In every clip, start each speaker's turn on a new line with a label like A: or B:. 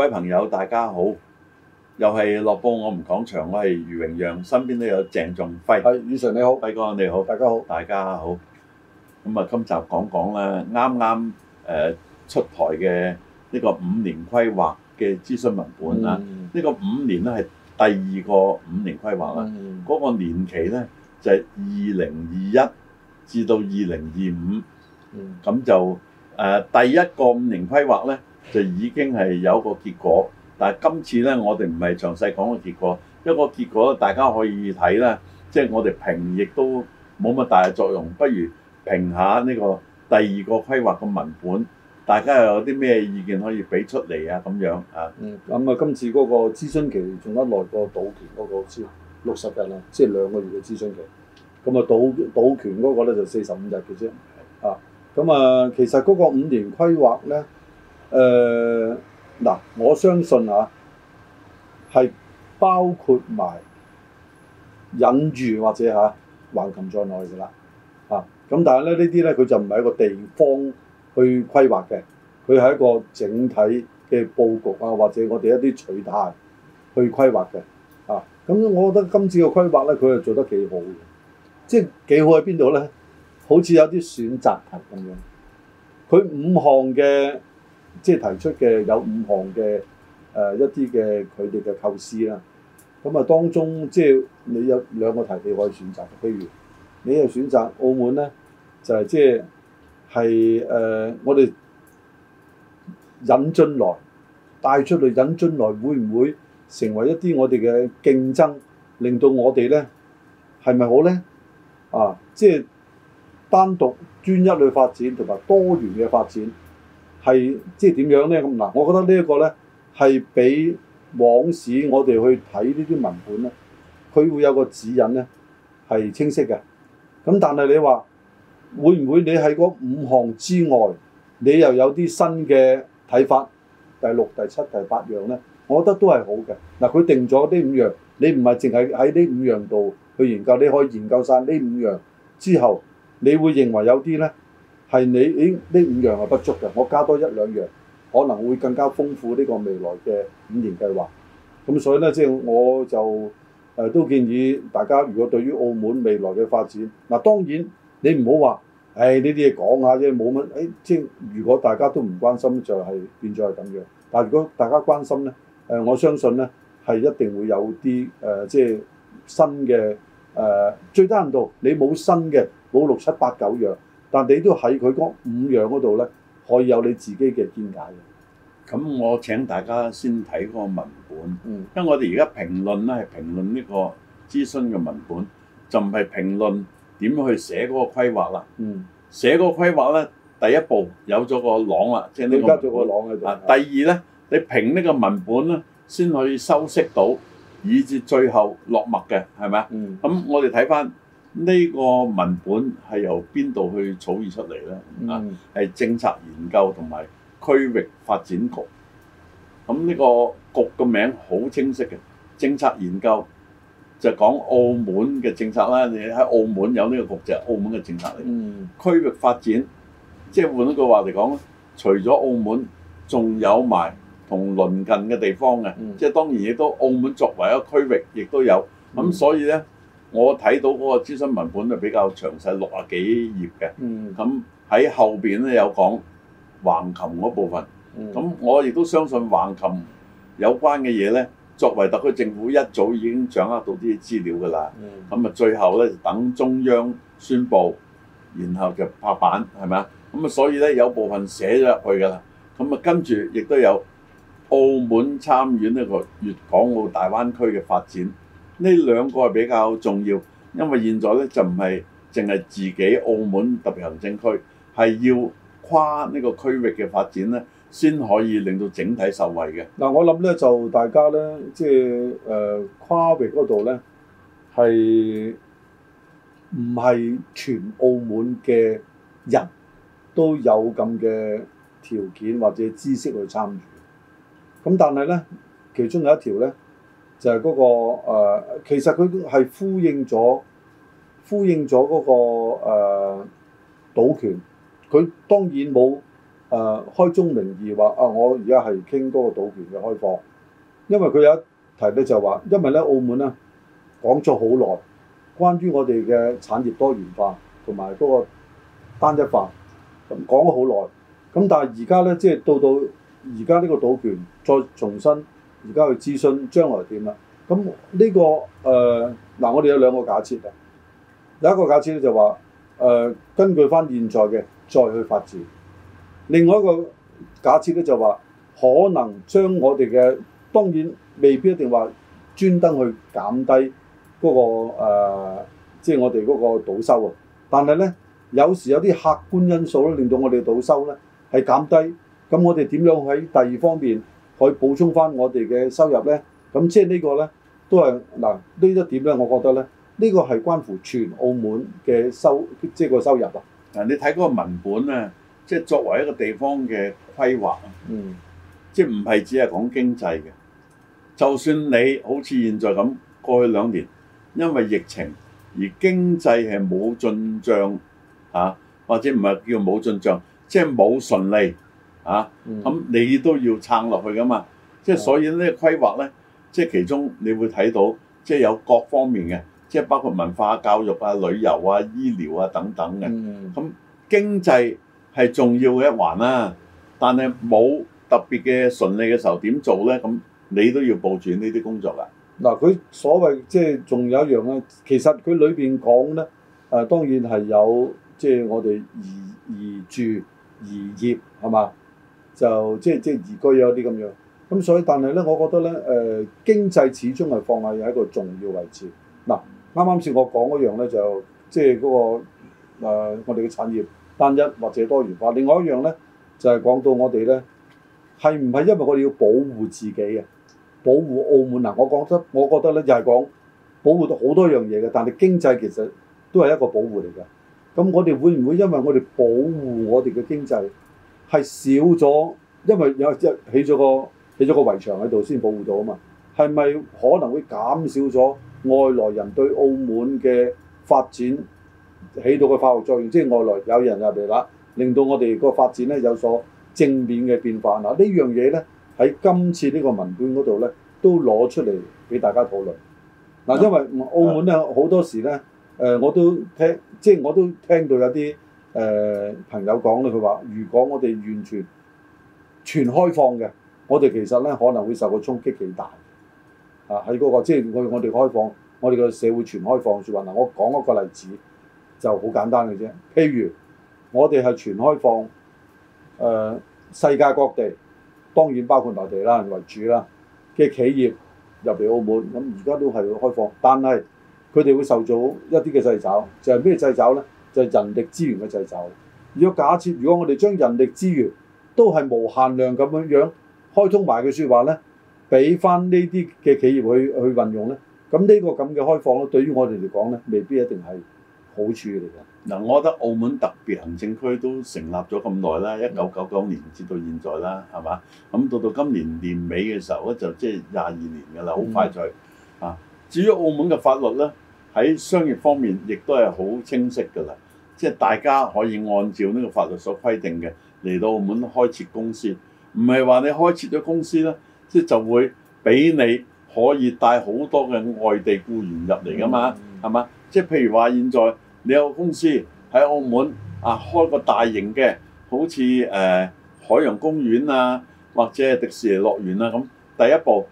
A: 各位朋友，大家好！又係樂報我們講場，我係余榮陽，身邊都有鄭仲輝。係，宇成你好，輝哥你好，大家好，大家好。咁啊，今集講講啦，啱啱誒出台嘅呢個五年規劃嘅諮詢文本啊。呢、嗯、個五年咧係第二個五年規劃啦。嗰、嗯、個年期咧就係二零二一至到二零二五。咁就誒，第一個五年規劃咧。就已經係有一個結果，但係今次呢，我哋唔係詳細講個結果。一個結果大家可以睇啦，即係我哋評亦都冇乜大嘅作用，不如評下呢個第二個規劃嘅文本，大家又有啲咩意見可以俾出嚟啊？咁樣、嗯嗯、啊，嗯，咁啊，今次嗰個諮詢
B: 期仲得耐過賭權嗰個先六十日啊，即係兩個月嘅諮詢期。咁啊，賭賭權嗰個呢就四十五日嘅啫。啊，咁啊，其實嗰個五年規劃呢。誒嗱、呃，我相信啊，係包括埋隱喻或者嚇、啊、橫琴在內嘅啦，嚇、啊、咁但係咧呢啲咧佢就唔係一個地方去規劃嘅，佢係一個整體嘅佈局啊，或者我哋一啲取態去規劃嘅，嚇、啊、咁我覺得今次嘅規劃咧佢係做得幾好嘅，即係幾好喺邊度咧？好似有啲選擇題咁樣，佢五項嘅。即係提出嘅有五項嘅誒一啲嘅佢哋嘅構思啦、啊，咁、嗯、啊當中即係你有兩個題目可以選擇，譬如你係選擇澳門咧，就係即係係誒我哋引進來帶出去，引進來會唔會成為一啲我哋嘅競爭，令到我哋咧係咪好咧？啊，即係單獨專一去發展同埋多元嘅發展。係即係點樣呢？咁嗱，我覺得呢一個呢，係比往時我哋去睇呢啲文本呢，佢會有個指引呢，係清晰嘅。咁但係你話會唔會你喺嗰五項之外，你又有啲新嘅睇法？第六、第七、第八樣呢，我覺得都係好嘅。嗱，佢定咗呢五樣，你唔係淨係喺呢五樣度去研究，你可以研究晒呢五樣之後，你會認為有啲呢。係你誒呢五樣係不足嘅，我加多一兩樣可能會更加豐富呢個未來嘅五年計劃。咁所以呢，即、就、係、是、我就誒、呃、都建議大家，如果對於澳門未來嘅發展，嗱、呃、當然你唔好、哎、話，誒呢啲嘢講下啫，冇乜誒。即係如果大家都唔關心，就係變咗係咁樣。但係如果大家關心呢，誒、呃、我相信呢係一定會有啲誒、呃、即係新嘅誒、呃、最低限度，你冇新嘅冇六七八九樣。但你都喺佢嗰五樣嗰度咧，可以有你自己嘅見解嘅。
A: 咁我請大家先睇嗰個文本。嗯。因為我哋而家評論咧係評論呢個諮詢嘅文本，就唔係評論點去寫嗰個規劃啦。嗯。寫嗰個規劃咧，第一步有咗個朗啦，即係你加咗個朗喺度。第二咧，你評呢個文本咧，先可以修飾到，以至最後落墨嘅，係咪啊？嗯。咁我哋睇翻。呢個文本係由邊度去草擬出嚟呢？啊、嗯，係政策研究同埋區域發展局。咁、嗯、呢、呢個局嘅名好清晰嘅，政策研究就係講澳門嘅政策啦。你喺澳門有呢個局，就係、是、澳門嘅政策嚟。區、嗯、域發展，即係換一句話嚟講，除咗澳門，仲有埋同鄰近嘅地方嘅。嗯嗯、即係當然亦都澳門作為一個區域，亦都有。咁所以呢。我睇到嗰個諮詢文本就比較詳細，六啊幾頁嘅。咁喺、嗯、後邊咧有講橫琴嗰部分。咁、嗯、我亦都相信橫琴有關嘅嘢咧，作為特區政府一早已經掌握到啲資料㗎啦。咁啊、嗯，最後咧等中央宣布，然後就拍板係咪？咁啊，所以咧有部分寫咗入去㗎啦。咁啊，跟住亦都有澳門參與呢個粵港澳大灣區嘅發展。呢兩個係比較重要，因為現在咧就唔係淨係自己澳門特別行政區，係要跨呢個區域嘅發展咧，先可以令到整體受惠嘅。
B: 嗱、嗯，我諗咧就大家咧，即係誒、呃、跨域嗰度咧，係唔係全澳門嘅人都有咁嘅條件或者知識去參與？咁、嗯、但係咧，其中有一條咧。就係嗰、那個、呃、其實佢係呼應咗、呼應咗嗰、那個誒、呃、賭權。佢當然冇誒、呃、開宗明義話啊，我而家係傾嗰個賭權嘅開放。因為佢有一提咧就話，因為咧澳門咧講咗好耐，關於我哋嘅產業多元化同埋嗰個單一化，咁講咗好耐。咁但係而家咧，即、就、係、是、到到而家呢個賭權再重新。而家去諮詢，將來點啊？咁呢、這個誒嗱、呃，我哋有兩個假設啊。第一個假設咧就話誒、呃、根據翻現在嘅再去發展；另外一個假設咧就話可能將我哋嘅當然未必一定話專登去減低嗰、那個即係、呃就是、我哋嗰個賭收啊。但係咧有時有啲客觀因素咧令到我哋賭收咧係減低。咁我哋點樣喺第二方面？可以補充翻我哋嘅收入呢？咁即係呢個呢，都係嗱呢一點呢。我覺得咧呢、呢個係關乎全澳門嘅收即係、即係、個收入啊！嗱，你睇嗰個文本呢，即係作為一個地方嘅
A: 規劃，嗯，即係唔係只係講經濟嘅。就算你好似現在咁過去兩年，因為疫情而經濟係冇進帳啊，或者唔係叫冇進帳，即係冇順利。啊，咁你都要撐落去噶嘛？即係所以呢個規劃咧，即係其中你會睇到，即係有各方面嘅，即係包括文化、教育啊、旅遊、嗯、啊、醫療啊等等嘅。咁經濟係重要嘅一環啦、啊，但係冇特別嘅順利嘅時候點做咧？咁你都要佈住呢啲工
B: 作啦。嗱、啊，佢所謂即係仲有一樣啊，其實佢裏邊講咧，誒、啊、當然係有即係我哋移移住移業係嘛？就即係即係宜居有啲咁樣，咁所以但係呢，我覺得呢誒、呃、經濟始終係放喺一個重要位置。嗱，啱啱先我講嗰樣咧，就即係嗰、嗰個、呃、我哋嘅產業單一或者多元化。另外一樣呢，就係、係、講到我哋呢，係唔係因為我哋要保護自己呀，保護澳門呀？我覺得我覺得咧，就係講保護到好多樣嘢嘅，但係經濟其實都係一個保護嚟嘅。咁我哋會唔會因為我哋保護我哋嘅經濟？係少咗，因為有即係起咗個起咗個圍牆喺度先保護到啊嘛。係咪可能會減少咗外來人對澳門嘅發展起到嘅化學作用？即係外來有人入嚟啦，令到我哋個發展咧有所正面嘅變化嗱。呢樣嘢咧喺今次呢個文本嗰度咧都攞出嚟俾大家討論嗱，因為澳門咧好、啊、多時咧誒、呃、我都聽即係我都聽到有啲。誒、呃、朋友講咧，佢話：如果我哋完全全開放嘅，我哋其實咧可能會受個衝擊幾大啊！喺嗰、那個即係我我哋開放，我哋個社會全開放，説話嗱，我講一個例子就好簡單嘅啫。譬如我哋係全開放，誒、呃、世界各地當然包括內地啦、為主啦嘅企業入嚟澳門，咁而家都係開放，但係佢哋會受咗一啲嘅掣肘，就係、是、咩掣肘咧？就係人力資源嘅製造。如果假設如果我哋將人力資源都係無限量咁樣樣開通埋嘅説話咧，俾翻呢啲嘅企業去去運用咧，咁呢個咁嘅開放咧，對於我哋嚟講咧，未必一定係好處嚟嘅。嗱、嗯，我覺得澳門特別行政區都成立咗咁耐啦，一九九九年
A: 至到現在啦，係嘛？咁到到今年年尾嘅時候咧，就即係廿二年㗎啦，好快脆、嗯、啊！至於澳門嘅法律咧，喺商業方面，亦都係好清晰噶啦，即係大家可以按照呢個法律所規定嘅嚟到澳門開設公司，唔係話你開設咗公司呢，即係就會俾你可以帶好多嘅外地僱員入嚟噶嘛、嗯，係嘛？即係譬如話現在你有公司喺澳門啊，開個大型嘅，好似誒、呃、海洋公園啊，或者迪士尼樂園啊咁，第一步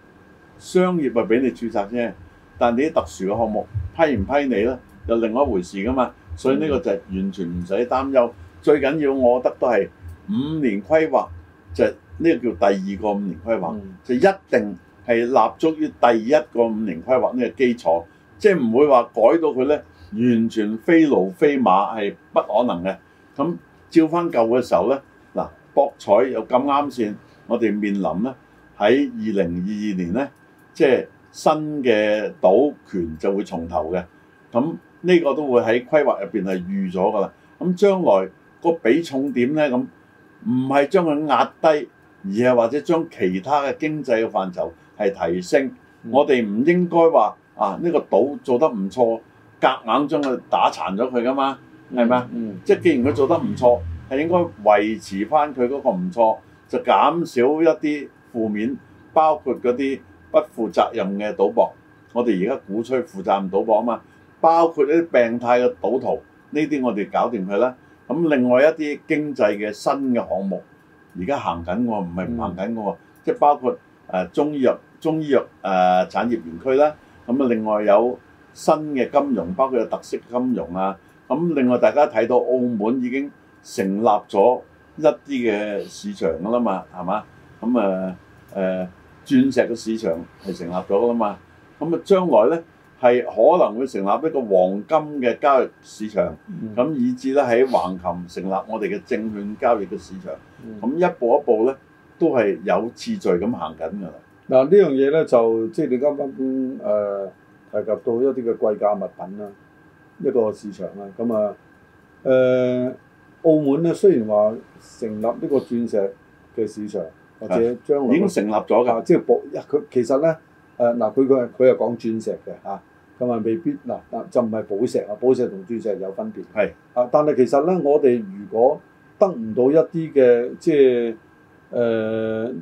A: 商業啊俾你註冊啫。但係啲特殊嘅項目批唔批你呢，又另外一回事噶嘛。所以呢個就係完全唔使擔憂。嗯、最緊要我覺得都係五年規劃就呢、係、個叫第二個五年規劃，嗯、就一定係立足於第一個五年規劃呢個基礎，即係唔會話改到佢呢，完全非驢非馬係不可能嘅。咁照翻舊嘅時候呢，嗱、啊、博彩又咁啱先。我哋面臨呢，喺二零二二年呢，即、就、係、係。嗯新嘅賭權就會重頭嘅，咁呢個都會喺規劃入邊係預咗噶啦。咁將來個比重點咧咁，唔係將佢壓低，而係或者將其他嘅經濟嘅範疇係提升。嗯、我哋唔應該話啊呢、呢個賭做得唔錯，夾硬，硬將佢打殘咗佢噶嘛，係嘛？嗯、即係既然佢做得唔錯，係應該維持翻佢嗰個唔錯，就減少一啲負面，包括嗰啲。不負責任嘅賭博，我哋而家鼓吹負責任賭博啊嘛，包括一啲病態嘅賭徒，呢啲我哋搞掂佢啦。咁另外一啲經濟嘅新嘅項目，而家行緊嘅，唔係唔行緊嘅、嗯、即係包括誒、呃、中醫藥、中醫藥誒、呃、產業園區啦。咁、嗯、啊，另外有新嘅金融，包括有特色金融啊。咁、嗯、另外大家睇到澳門已經成立咗一啲嘅市場㗎啦嘛，係嘛？咁誒誒。呃呃鑽石嘅市場係成立咗㗎嘛，咁啊將來咧係可能會成立一個黃金嘅交易市場，咁、嗯、以至咧喺橫琴成立我哋嘅證券交易嘅市場，咁、嗯、一步一步咧都係有次序咁行
B: 緊㗎啦。嗱、嗯、呢樣嘢咧就即係你啱啱誒提及到一啲嘅貴價物品啦，一個市場啦，咁啊誒澳門咧雖然話成立呢個鑽石嘅市場。或者將來已經成立咗㗎，即係寶佢其實咧，誒嗱佢佢佢又講鑽石嘅嚇，咁啊未必嗱嗱就唔係寶石啊，寶石同鑽石有分別，係啊，但係其實咧，我哋如果得唔到一啲嘅即係誒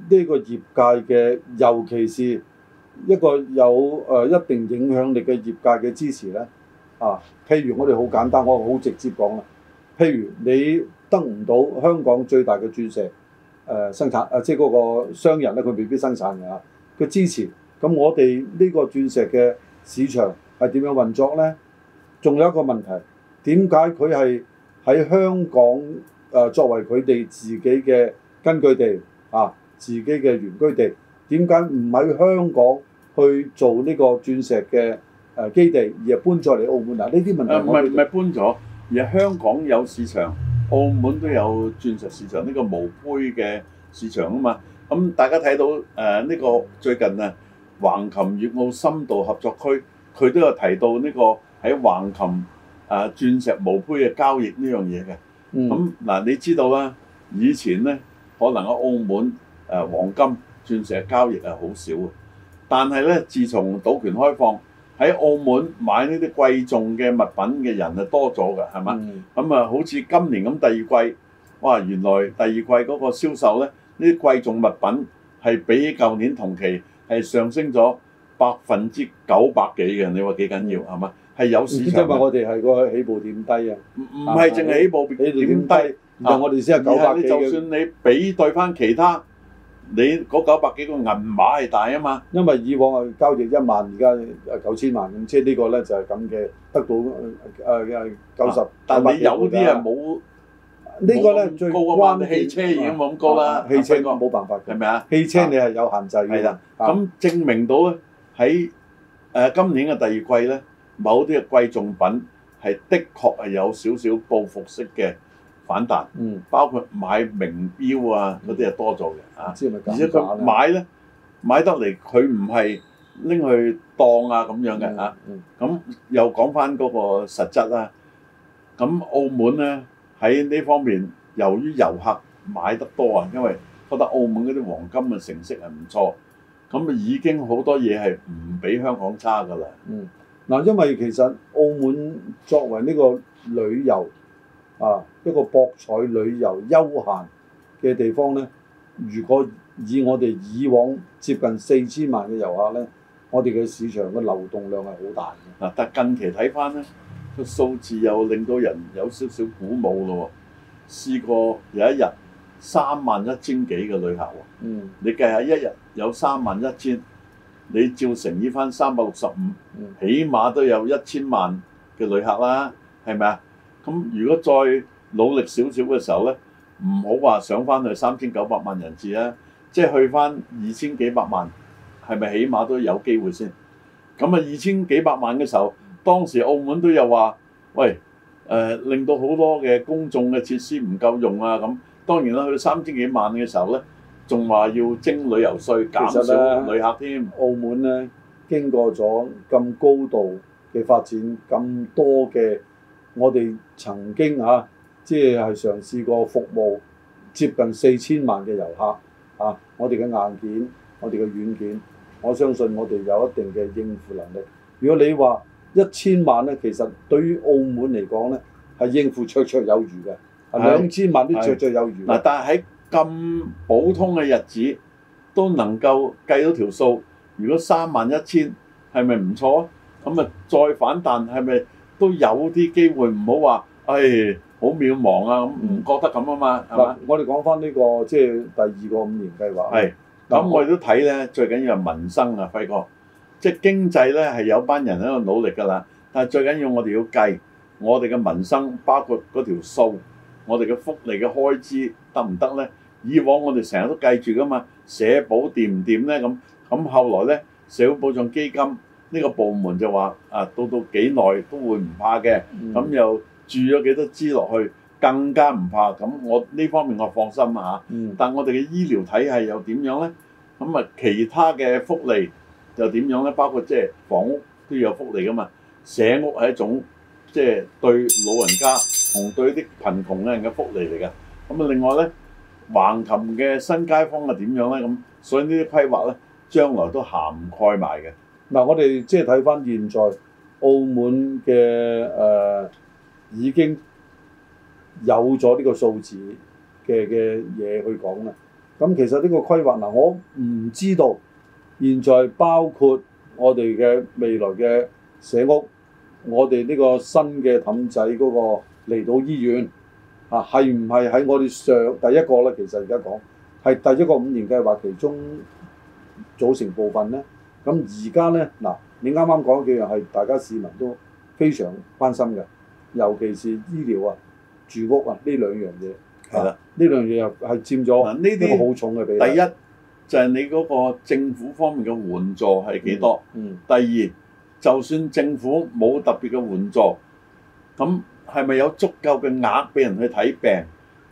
B: 呢個業界嘅，尤其是一個有誒、呃、一定影響力嘅業界嘅支持咧，啊，譬如我哋好簡單，我好直接講啦，譬如你得唔到香港最大嘅鑽石誒、呃、生產啊、呃，即係嗰個商人咧，佢未必生產嘅。佢支持，咁，我哋呢個鑽石嘅市場係點樣運作呢？仲有一個問題，點解佢係喺香港誒、呃、作為佢哋自己嘅根據地啊，自己嘅原居地？點解唔喺香港去做呢個鑽石嘅誒基地，而係搬咗嚟澳門嗱？呢、啊、啲問題唔係唔係
A: 搬咗，而係香港有市場。澳門都有鑽石市場呢、這個毛坯嘅市場啊嘛，咁、嗯、大家睇到誒呢、呃，這個最近啊橫琴粵澳深度合作區，佢都有提到呢、那個喺橫琴誒、呃、鑽石毛坯嘅交易呢樣嘢嘅。咁嗱、嗯嗯呃，你知道啦，以前呢，可能喺澳門誒、呃、黃金鑽石交易係好少嘅，但係呢，自從賭權開放。喺澳門買呢啲貴重嘅物品嘅人係多咗嘅，係嘛？咁啊、嗯嗯，好似今年咁第二季，哇！原來第二季嗰個銷售咧，呢啲貴重物品係比舊年同期係上升咗百分之九百幾嘅。你話幾緊要係嘛？係有市場。因為我
B: 哋係個起步點低啊，唔唔係淨係起步
A: 點低，但我哋先係九百幾嘅，就算你比對翻其他。你嗰九百幾個銀碼係大啊嘛，
B: 因為以往係交易一萬，而家九千萬，即係呢個咧就係咁嘅得到誒誒九十。但係有啲人冇呢個咧最高嘅關鍵汽車已經冇咁高啦，
A: 汽車冇辦法嘅。係咪啊？汽車你係有限制嘅。啦，咁證明到咧喺誒今年嘅第二季咧，某啲嘅貴重品係的確係有少少報復式嘅。反彈，嗯、包括買名錶啊嗰啲又多做嘅嚇，知係咪，而且佢買咧買得嚟，佢唔係拎去當啊咁樣嘅嚇。咁又講返嗰個實質啦。咁澳門咧喺呢方面，由於遊客買得多啊，因為覺得澳門嗰啲黃金嘅成色係唔錯，咁啊已經好多嘢係唔比
B: 香港差㗎啦。嗯，嗱，因為其實澳門作為呢個旅遊。啊，一個博彩旅遊休閒嘅地方呢，如果以我哋以往接近四千萬嘅遊客呢，我哋嘅市場嘅流動量係好大嘅。但近期睇翻呢個數字又令到
A: 人有少少鼓舞咯。試過有一日三萬一千幾嘅旅客喎，嗯，你計下一日有三萬一千，你照乘以番三百六十五，起碼都有一千萬嘅旅客啦，係咪啊？咁如果再努力少少嘅時候呢，唔好話上翻去三千九百萬人次啊，即係去翻二千幾百萬，係咪起碼都有機會先？咁啊，二千幾百萬嘅時候，當時澳門都有話，喂，誒、呃、令到好多嘅公眾嘅設施唔夠用啊咁。當然啦，去到三千幾萬嘅時候呢，仲話要徵旅遊稅，減少旅客
B: 添。澳門呢經過咗咁高度嘅發展，咁多嘅。我哋曾經啊，即係係嘗試過服務接近四千萬嘅遊客啊！我哋嘅硬件、我哋嘅軟件，我相信我哋有一定嘅應付能力。如果你話一千萬呢，其實對於澳門嚟講呢，係應付綽綽有餘嘅，兩千是是萬都綽綽有餘。嗱，但係喺咁
A: 普通嘅日子都能夠計到條數。如果三萬一千係咪唔錯啊？咁啊，再反彈係咪？是都有啲機會，唔好話，誒，好渺茫啊！唔、嗯、覺得咁啊嘛，係、嗯、嘛？我哋講翻呢個即係第二個五年計劃。係，咁我哋都睇咧，嗯、最緊要係民生啊，輝哥。即係經濟咧係有班人喺度努力㗎啦，但係最緊要我哋要計我哋嘅民生，包括嗰條數，我哋嘅福利嘅開支得唔得咧？以往我哋成日都計住㗎嘛，社保掂唔掂咧？咁咁後來咧社會保障基金。呢個部門就話啊，到到幾耐都會唔怕嘅，咁又、嗯、住咗幾多支落去，更加唔怕。咁我呢方面我放心吓。啊嗯、但我哋嘅醫療體系又點樣呢？咁、嗯、啊，其他嘅福利又點樣呢？包括即係房屋都要有福利噶嘛。社屋係一種即係對老人家同對啲貧窮嘅人嘅福利嚟㗎。咁、嗯、啊，另外呢，橫琴嘅新街坊又點樣呢？咁、嗯、所以呢啲規劃呢，將來都涵蓋埋嘅。嗱、啊，
B: 我哋即係睇翻現在澳門嘅誒、呃、已經有咗呢個數字嘅嘅嘢去講啦。咁、嗯、其實呢個規劃嗱、啊，我唔知道現在包括我哋嘅未來嘅社屋，我哋呢個新嘅氹仔嗰個離島醫院啊，係唔係喺我哋上第一個咧？其實而家講係第一個五年計劃其中組成部分咧。咁而家咧，嗱，你啱啱講幾樣係大家市民都非常關心嘅，尤其是醫療啊、住屋啊呢兩樣嘢，係啦，呢兩樣嘢係佔咗呢啲
A: 好重嘅比例。第一就係、是、你嗰個政府方面嘅援助係幾多？嗯。第二，就算政府冇特別嘅援助，咁係咪有足夠嘅額俾人去睇病？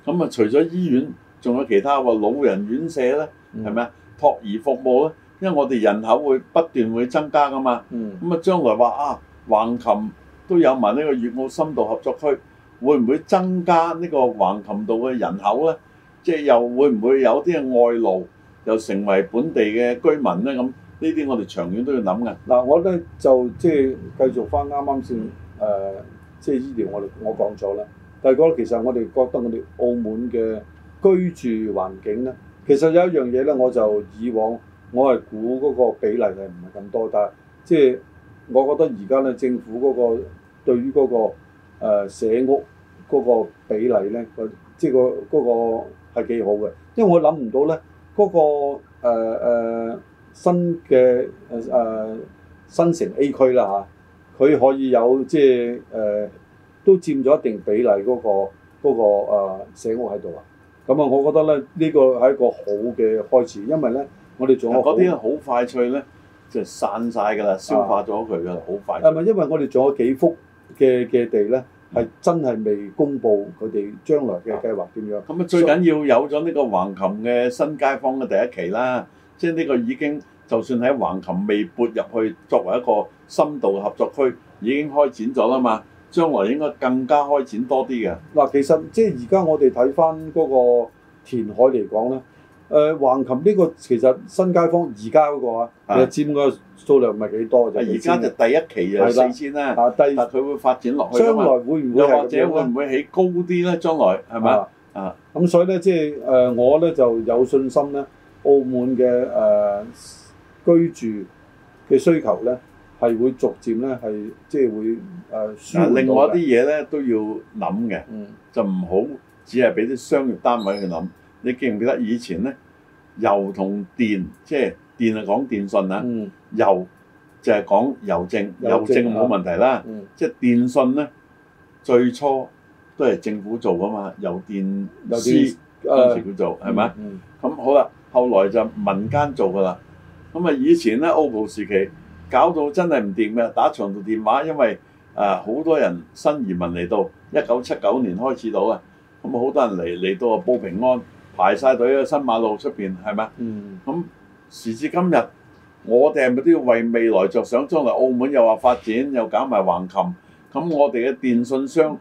A: 咁啊，除咗醫院，仲有其他喎，老人院舍咧，係咪啊？託兒服務咧？因為我哋人口會不斷會增加噶嘛，咁、嗯、啊將來話啊橫琴都有埋呢個粵澳深度合作區，會唔會增加呢個橫琴度嘅人口咧？即係又會唔會有啲外勞又成為本地嘅居民咧？咁呢啲我哋長遠都要諗嘅。嗱、
B: 嗯，我咧就即係繼續翻啱啱先誒，即係醫療我哋我講咗啦。但第二個其實我哋覺得我哋澳門嘅居住環境咧，其實有一樣嘢咧，我就以往。我係估嗰個比例係唔係咁多，但係即係我覺得而家咧政府嗰、那個對於嗰、那個、呃、社屋嗰個比例咧，即係、就是那個嗰、那個係幾好嘅，因為我諗唔到咧嗰、那個誒、呃、新嘅誒誒新城 A 區啦嚇，佢、啊、可以有即係誒都佔咗一定比例嗰、那個嗰、那個呃、社屋喺度啊，咁、嗯、啊，我覺得咧呢個係一個好嘅開始，因為咧。我哋仲有嗰啲好快脆咧，就散晒㗎啦，消化咗佢㗎，好、啊、快。係咪因為我哋仲有幾幅嘅嘅地咧，係真係未公布佢哋將來嘅計劃點樣？咁啊，最緊
A: 要有咗呢個橫琴嘅新街坊嘅第一期啦，即係呢個已經就算喺橫琴未撥入去作為一個深度合作區，已經開展咗啦嘛。將來應該更加開展
B: 多啲嘅。嗱、啊，其實即係而家我哋睇翻嗰個填海嚟講咧。誒橫琴呢個其實新街坊而家嗰個啊，誒佔個數量唔係幾多，就而家就第一期就四千啦。啊，第佢會發展落去，將來會唔會或者會唔
A: 會起高啲咧？將
B: 來係咪？啊，咁所以咧，即係誒我咧就有信心咧，澳門嘅誒居住嘅需求咧係會逐漸咧係即係會誒舒緩。啊，另外一啲
A: 嘢咧都要諗嘅，就唔好只係俾啲商業單位去諗。你記唔記得以前咧？油同電，即係電係講電信啊，嗯、油就係講郵政，郵油政冇問題啦。嗯、即係電信咧，最初都係政府做噶嘛，郵電司電當時做係咪？咁好啦，後來就民間做噶啦。咁啊，以前咧，澳葡時期搞到真係唔掂嘅，打長途電話，因為啊，好、呃、多人新移民嚟到，一九七九年開始到啊，咁啊，好多人嚟嚟到報平安。排晒隊啊！新馬路出邊係咪啊？咁時至今日，我哋係咪都要為未來着想？將來澳門又話發展，又搞埋橫琴，咁我哋嘅電訊商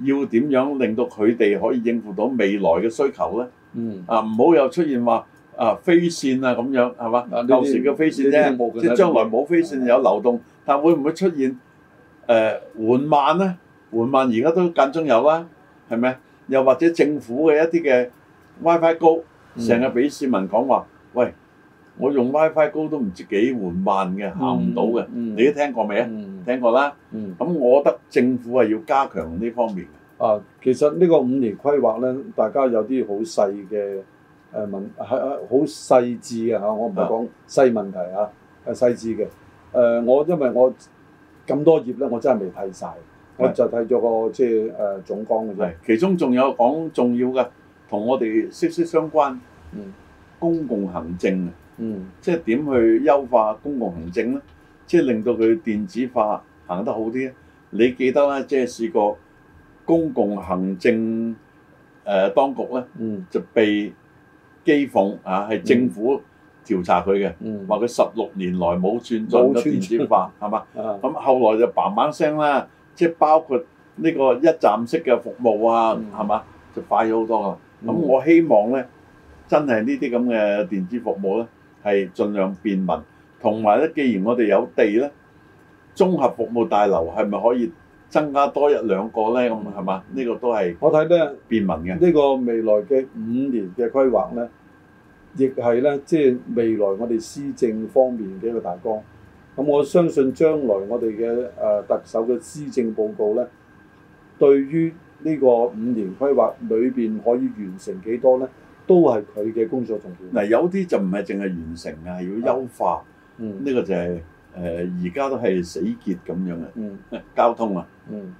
A: 要點樣令到佢哋可以應付到未來嘅需求咧？啊，唔好又出現話啊飛線啊咁樣係嘛？舊時嘅飛線啫，即係將來冇飛線有流動，但會唔會出現誒緩慢咧？緩慢而家都間中有啦，係咪？又或者政府嘅一啲嘅。WiFi 高，成日俾市民講話，喂，我用 WiFi 高都唔知幾緩慢嘅，行唔到嘅。你都聽過未啊？聽過啦。咁我覺得政府係要加強呢方
B: 面啊，其實呢個五年規劃咧，大家有啲好細嘅誒問，係、呃、啊，好細緻嘅嚇。我唔係講細問題嚇，係的、啊、細緻嘅。誒、呃，我因為我咁多頁咧，我真係未睇晒，的我就睇咗個即係誒總綱嘅啫。其中仲有講重要嘅。同我哋息息相關、嗯，
A: 公共行政啊，嗯、即係點去優化公共行政咧？即係令到佢電子化行得好啲咧？你記得啦，即係試過公共行政誒、呃、當局咧，嗯、就被譏諷、嗯、啊，係政府調查佢嘅，話佢十六年來冇寸進咗電子化，係嘛？咁吧、嗯、後來就嘭嘭聲啦，即係包括呢個一站式嘅服務啊，係嘛？就快咗好多啊！咁我希望咧，真係呢啲咁嘅電子服務咧，係盡量便民。同埋咧，既然我哋有地咧，綜合服務大樓係咪可以增加多一兩個咧？咁
B: 係嘛？呢個都係我睇咧
A: 便民嘅。呢
B: 個未來嘅五年嘅規劃咧，亦係咧，即係未來我哋施政方面嘅一個大綱。咁我相信將來我哋嘅誒特首嘅施政報告咧，對於呢個五年規劃裏邊可以完成幾多呢？都係佢嘅工作重點。嗱，有啲就
A: 唔係淨係完成啊，要優化。嗯，呢個就係、是、誒，呃，而家都係死結咁樣嘅。嗯，交通啊，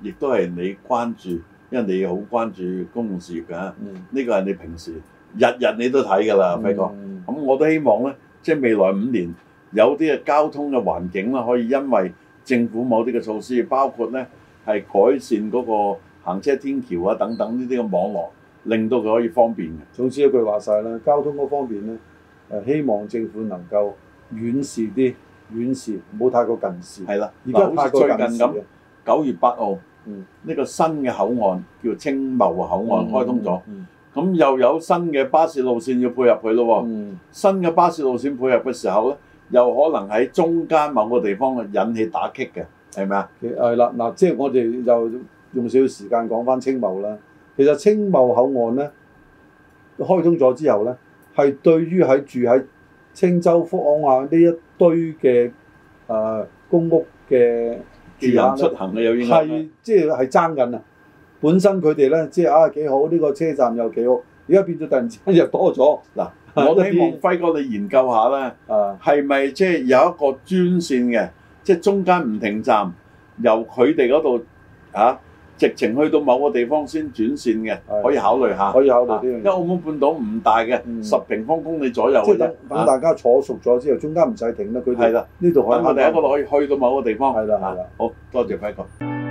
A: 亦都係你關注，因為你好關注公共事業㗎。嗯，呢個係你平時日日你都睇㗎啦，輝哥。嗯，咁我都希望呢，即、就、係、是、未來五年有啲嘅交通嘅環境啦，可以因為政府某啲嘅措施，包括呢係改善嗰、那個。行
B: 車天橋啊，等等呢啲嘅網絡，令到佢可以方便嘅。總之一句話晒啦，交通嗰方面咧，誒，希望政府能夠遠視啲，遠視，唔好太過近視。係啦的，而家好似最近咁，九、嗯、月八號，嗯，呢、嗯、個新嘅口
A: 岸叫青茂口岸開通咗、嗯，嗯，咁又有新嘅巴士路線要配合佢咯，喎，嗯，新嘅巴士路線配合嘅時候咧，又可能喺中間某個地
B: 方引起打擊嘅，係咪啊？係啦、嗯，嗱、嗯，即係我哋又。嗯嗯用少少時間講翻青茂啦。其實青茂口岸咧，開通咗之後咧，係對於喺住喺青州福安啊呢一堆嘅誒、呃、公屋嘅住人出行嘅有影響。係是是即係係爭緊啊！本身佢哋咧即係啊幾好呢、呢個車站又幾好，而家變咗突然之間又多咗嗱。
A: 我都希望、嗯、輝哥你研究下啦，係咪即係有一個專線嘅，即係中間唔停站由佢哋嗰度啊？直情去到某個地方先轉線嘅，可以考慮下。可以考慮呢樣嘢。因為澳門半島唔大嘅，十平方公里左右嘅啫。等大
B: 家坐熟咗之後，中間唔使停啦。佢哋係啦，呢度可以。我哋一個可
A: 以去到某個地方。係啦係啦，好多謝輝哥。